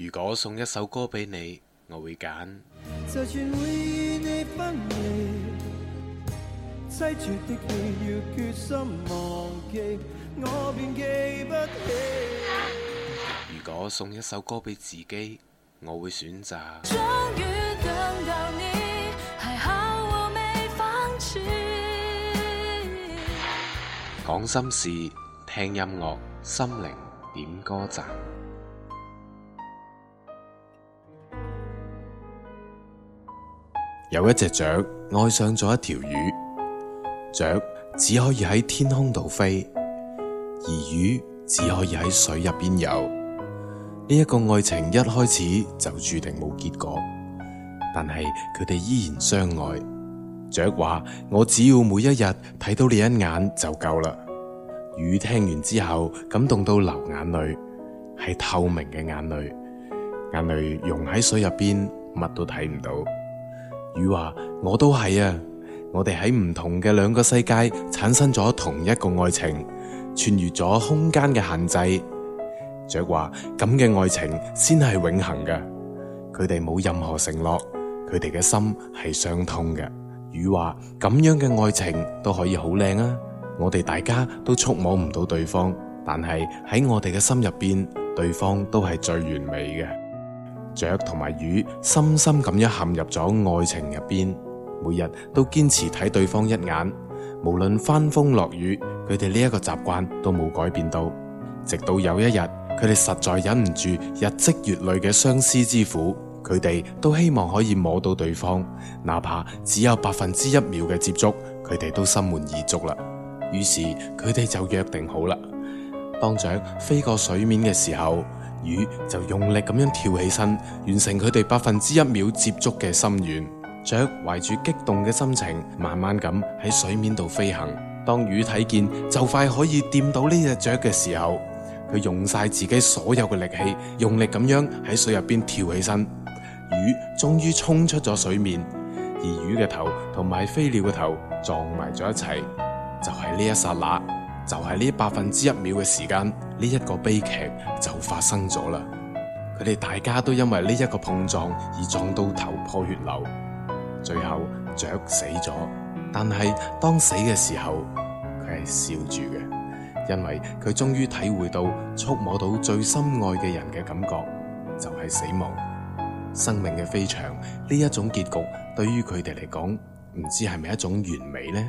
如果送一首歌俾你，我會揀。如果我送一首歌俾自己，我會選擇。講心事，聽音樂，心靈點歌站。有一隻雀愛上咗一條魚，雀只可以喺天空度飛，而魚只可以喺水入邊游。呢一個愛情一開始就注定冇結果，但係佢哋依然相愛。雀話：我只要每一日睇到你一眼就夠啦。魚聽完之後感動到流眼淚，係透明嘅眼淚，眼淚溶喺水入邊，乜都睇唔到。雨話：我都係啊，我哋喺唔同嘅兩個世界產生咗同一個愛情，穿越咗空間嘅限制。雀話：咁嘅愛情先係永恆嘅，佢哋冇任何承諾，佢哋嘅心係相通嘅。雨話：咁樣嘅愛情都可以好靚啊，我哋大家都觸摸唔到對方，但係喺我哋嘅心入邊，對方都係最完美嘅。雀同埋魚深深咁樣陷入咗愛情入邊，每日都堅持睇對方一眼，無論翻風落雨，佢哋呢一個習慣都冇改變到。直到有一日，佢哋實在忍唔住日積月累嘅相思之苦，佢哋都希望可以摸到對方，哪怕只有百分之一秒嘅接觸，佢哋都心滿意足啦。於是佢哋就約定好啦，當雀飛過水面嘅時候。魚就用力咁樣跳起身，完成佢哋百分之一秒接觸嘅心願。雀懷住激動嘅心情，慢慢咁喺水面度飛行。當魚睇見就快可以掂到呢隻雀嘅時候，佢用晒自己所有嘅力氣，用力咁樣喺水入邊跳起身。魚終於衝出咗水面，而魚嘅頭同埋飛鳥嘅頭撞埋咗一齊，就喺呢一剎那。就係呢百分之一秒嘅時間，呢一個悲劇就發生咗啦。佢哋大家都因為呢一個碰撞而撞到頭破血流，最後雀死咗。但係當死嘅時候，佢係笑住嘅，因為佢終於體會到觸摸到最深愛嘅人嘅感覺，就係死亡。生命嘅飛長呢一種結局，對於佢哋嚟講，唔知係咪一種完美呢？